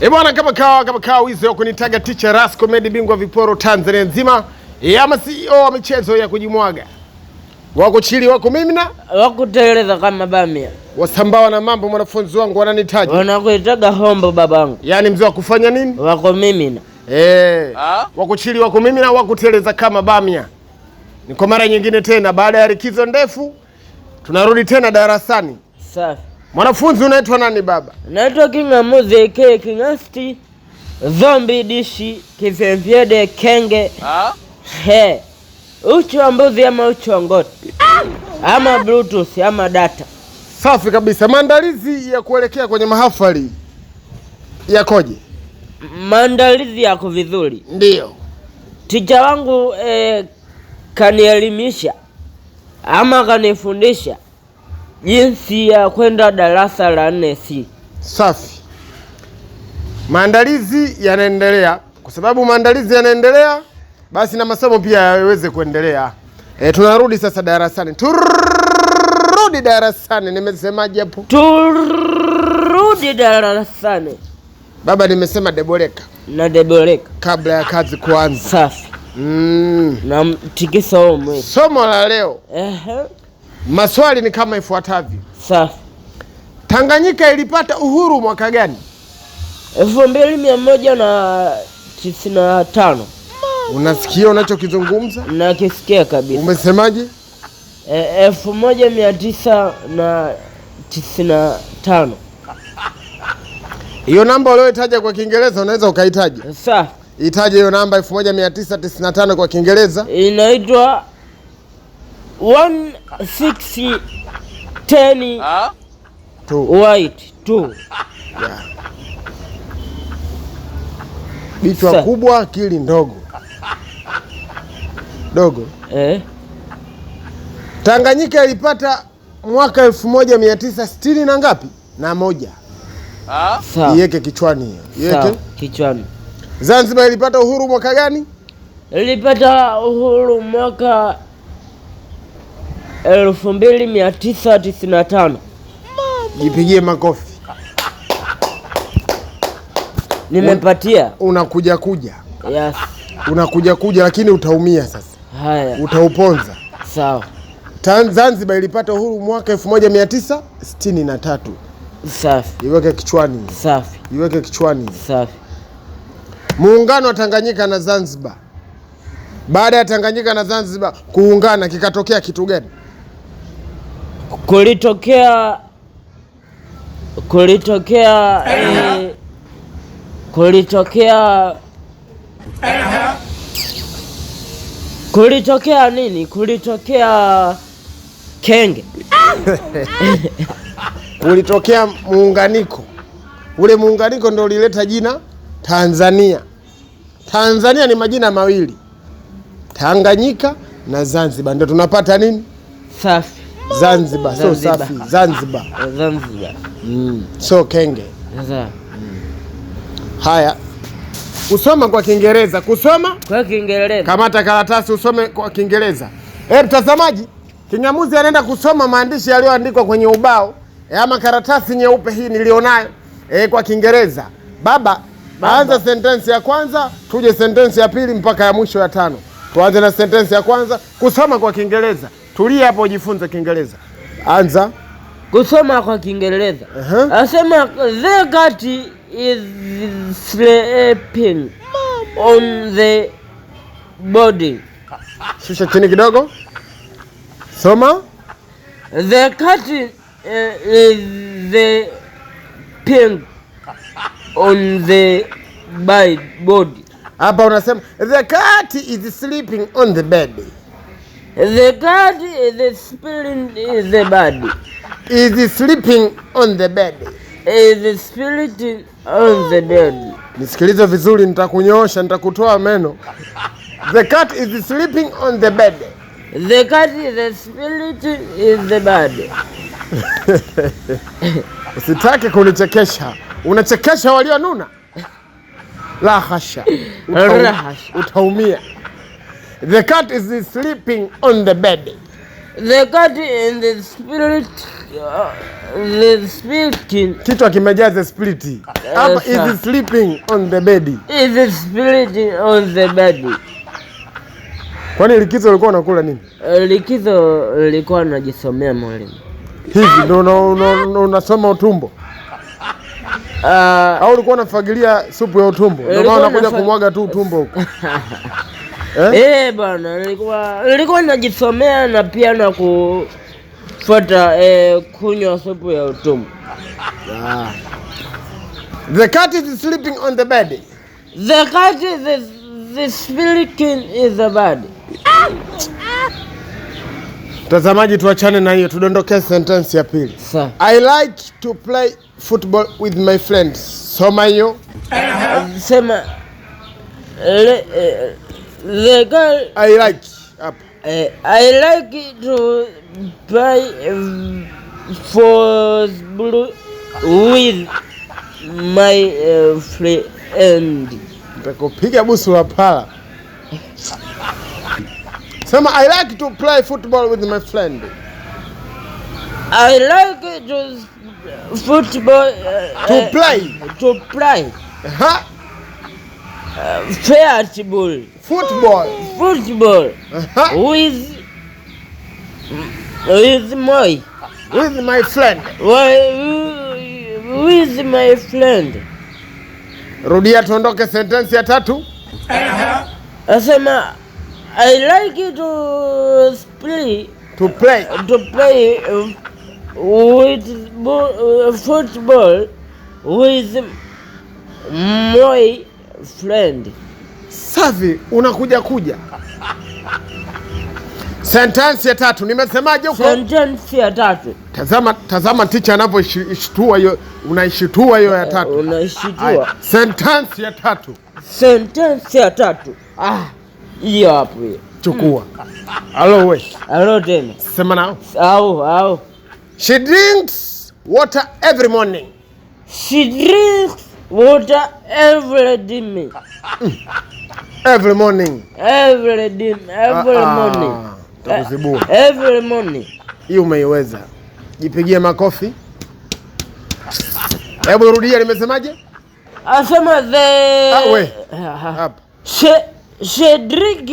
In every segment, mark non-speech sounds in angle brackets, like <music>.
E bwana, kama kawa kama kawa, wizi kunitaga teacher ras comedy, bingwa viporo Tanzania nzima, e, ama CEO wa michezo ya kujimwaga, wako chili, wako na wako teleza kama bamia, wasambawa na mambo. Mwanafunzi wangu wananitaja, wanakuitaga hombo babangu, yaani mzee wa kufanya nini, wako mimina e, wako chili, wako na wako teleza kama bamia. Ni kwa mara nyingine tena, baada ya likizo ndefu tunarudi tena darasani. Safi. Mwanafunzi, unaitwa nani baba? Naitwa muzi ke King'asti Zombi dishi kifyefyede kenge Ah? he uchu wa mbuzi ama uchu wa ngoti ama bluetooth ama data. Safi kabisa. Maandalizi ya kuelekea kwenye mahafali yakoje? Maandalizi yako vizuri, ndio ticha wangu eh, kanielimisha ama kanifundisha jinsi ya kwenda darasa la nne C. safi. Maandalizi yanaendelea, kwa sababu maandalizi yanaendelea, basi na masomo pia yaweze kuendelea. E, tunarudi sasa darasani, turudi darasani. Nimesemaje hapo? Turudi darasani. Baba, nimesema deboreka na deboreka kabla ya kazi kuanza. Safi. Mm. na mtikisa somo la leo. Ehe. Maswali ni kama ifuatavyo. Sawa. Tanganyika ilipata uhuru mwaka gani? elfu mbili mia moja na tisini na tano. Unasikia unachokizungumza? Nakisikia kabisa. Umesemaje? E, elfu moja mia tisa na tisini na tano. Hiyo namba ulioitaja kwa Kiingereza unaweza ukaitaja? Sawa. Itaje hiyo namba elfu moja mia tisa tisini na tano kwa Kiingereza inaitwa one six ten ah? white two kubwa akili ndogo dogo eh? Tanganyika ilipata mwaka elfu moja mia tisa sitini na ngapi na moja ah? iweke kichwani, iweke kichwani. Zanzibar ilipata uhuru mwaka gani? Ilipata uhuru mwaka elfu mbili mia tisa tisini na tano. Jipigie makofi. Nimepatia. Unakuja kuja, yes. Unakuja kuja lakini utaumia sasa. Haya. Utauponza. Sawa. Zanzibar ilipata uhuru mwaka 1963. Safi. Iweke kichwani. Safi. Iweke kichwani. Safi. Muungano wa Tanganyika na Zanzibar. Baada ya Tanganyika na Zanzibar kuungana kikatokea kitu gani? Kulitokea kulitokea kulitokea kulitokea nini? Kulitokea kenge <laughs> kulitokea muunganiko. Ule muunganiko ndio ulileta jina Tanzania. Tanzania ni majina mawili, Tanganyika na Zanzibar, ndio tunapata nini? Safi. Zanzibar, so safi Zanzibar, Zanzibar. Mm. So kenge Zanzibar. Haya, kusoma kwa Kiingereza, kusoma kwa Kiingereza. Kamata karatasi usome kwa Kiingereza. Eh, mtazamaji, Kingamuzi anaenda kusoma maandishi yaliyoandikwa kwenye ubao eh, ama karatasi nyeupe hii nilionayo eh, kwa Kiingereza. Baba, anza sentensi ya kwanza, tuje sentensi ya pili mpaka ya mwisho ya tano. Tuanze na sentensi ya kwanza, kusoma kwa Kiingereza. Tulia hapo ujifunze Kiingereza. Anza kusoma kwa Kiingereza. Uh -huh. Anasema the cat is sleeping on the body. Shusha chini kidogo. Soma. The cat eh, is the pink on the body. Hapa unasema the cat is sleeping on the bed. The God is spilling the body. Is sleeping on the bed. Is spilling on the bed. Nisikilize vizuri, nitakunyosha, nitakutoa meno. The cat is sleeping on the bed. The cat is spilling in the bed. <laughs> Usitake kunichekesha. Unachekesha walio nuna? La hasha. Utaumia. The cat is sleeping on the bed. The cat and the spirit, uh, the spirit. Kichwa kimejaa the spirit. Up is sleeping on the bed. Is spirit on the bed. Kwani likizo ulikuwa unakula nini? Uh, likizo nilikuwa najisomea mwalimu. Hivi ndo unasoma utumbo? Uh, au ulikuwa unafagilia supu ya utumbo? Ndio maana unakuja kumwaga tu utumbo huko. <laughs> Eh, eh bwana nilikuwa nilikuwa ninajisomea na pia na kufuata eh, kunywa supu ya utumbo. Ah. The cat is sleeping on the bed. The cat is the sleeping in the bed. Mtazamaji, tuachane na hiyo, tudondoke sentence ya pili. I like to play football with my friends. Soma hiyo. Sema le, eh, the girl I like hapa eh, I like to buy um, for blue with my uh, friend. Nitakupiga busu la pala. Sema I like to play football with my friend. I like to football uh, to play. Uh, to play. Aha. Uh, football. Football. Football. With with my with my friend. With my friend. Rudia tuondoke sentensi ya tatu. Uh-huh. Asema I like to play to play to play um, with uh, football with my friend. Safi, unakuja kuja. <laughs> Sentensi ya tatu nimesemaje huko? Sentensi ya tatu. Tazama, tazama ticha anavyoishtua hiyo, unaishitua hiyo ya eh, tatu. Unaishitua. Sentensi ya tatu. Sentensi ya tatu. Ah, hiyo hapo hiyo. Chukua. Alo hmm. we. Alo tena. Sema nao. Au, au. She drinks water every morning. She drinks Water every day me. <laughs> Every morning. Every day, every ah, ah. morning. Takuzibua. Eh, every morning. Hii umeiweza. Jipigie makofi. Hebu rudia nimesemaje? Asema the ah, we. <laughs> Hapa. She she drink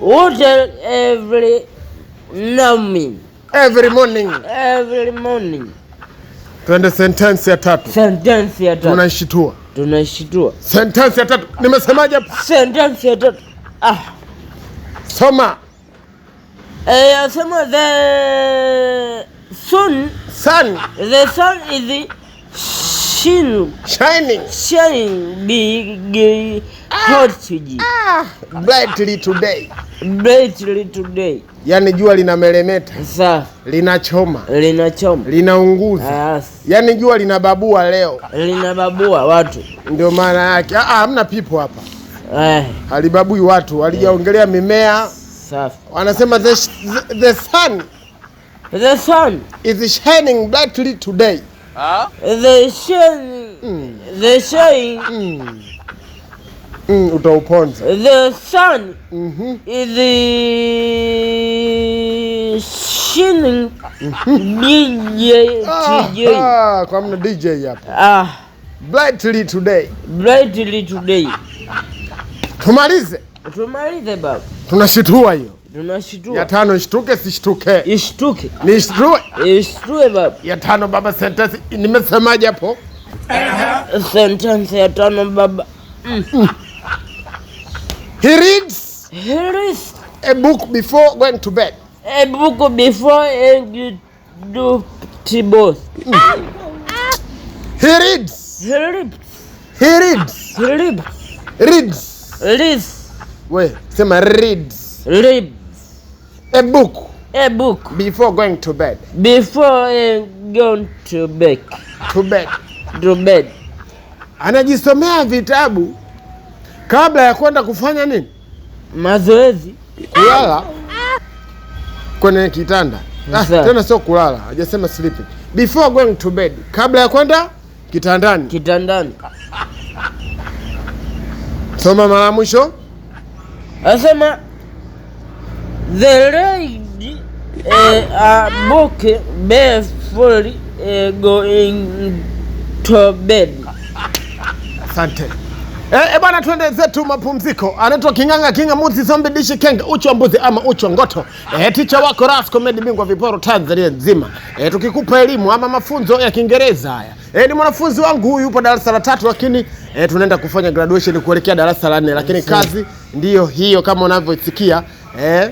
water every morning. Every morning. Every morning. Twende sentensi ya tatu. Sentensi ya tatu. Tunashitua. Tunashitua. Sentensi ya tatu. Nimesemaje Sentensi ya tatu. Ah. Soma. Eh, asema the sun. Sun. The sun is the Shin, shining, shining, big hot ah, ah, brightly today, brightly today. Yani jua linameremeta, linachoma, linachoma, linaunguza. Yani jua linababua leo, linababua watu. Ndio maana yake. Ah, ah hamna pipo hapa eh, halibabui watu, halijaongelea mimea. Safi. Wanasema the, the sun, the sun is shining brightly today. The shine. Mm. The Mm. utauponza. The sun mm -hmm. is shining mm DJ kwa mna DJ hapo. Ah. Brightly today. Brightly today. Tumalize. Tumalize baba. Tunashitua hiyo. Unashtuka. Ya tano ishtuke sishtuke. Ishtuke. Ni ishtue. Ishtue baba. Ya tano baba sentence nimesemaje hapo? Sentence ya tano baba. Mm. He reads. He reads. A book before going to bed. A book before he do tibos. Mm. He reads. He reads. He reads. He reads. Reads. Reads. Wewe sema reads. Reads a book a book before going to bed before uh, going to bed to bed to bed, anajisomea vitabu kabla ya kwenda kufanya nini, mazoezi, kulala kwenye kitanda. Ah, tena sio kulala, hajasema sleeping, before going to bed, kabla ya kwenda kitandani. Kitandani soma mara mwisho, asema The lady uh, eh, a book barefully uh, eh, going to bed. Asante. Eh, eh bwana tuende zetu mapumziko. Anaitwa King'anga Kinga Muzi Zombi Dishi Kenge uchu mbuzi ama uchu ngoto. Eh, ticha wako Ras Comedy bingwa viporo Tanzania nzima. Eh, tukikupa elimu ama mafunzo ya Kiingereza haya. Eh, ni mwanafunzi wangu huyu yupo darasa la tatu lakini eh, tunaenda kufanya graduation kuelekea darasa la nne lakini kazi ndiyo hiyo kama unavyosikia. Eh,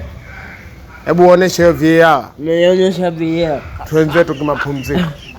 Hebu uoneshe hiyo VAR. Nionyesha VAR. Twenzetu kimapumziko. <laughs>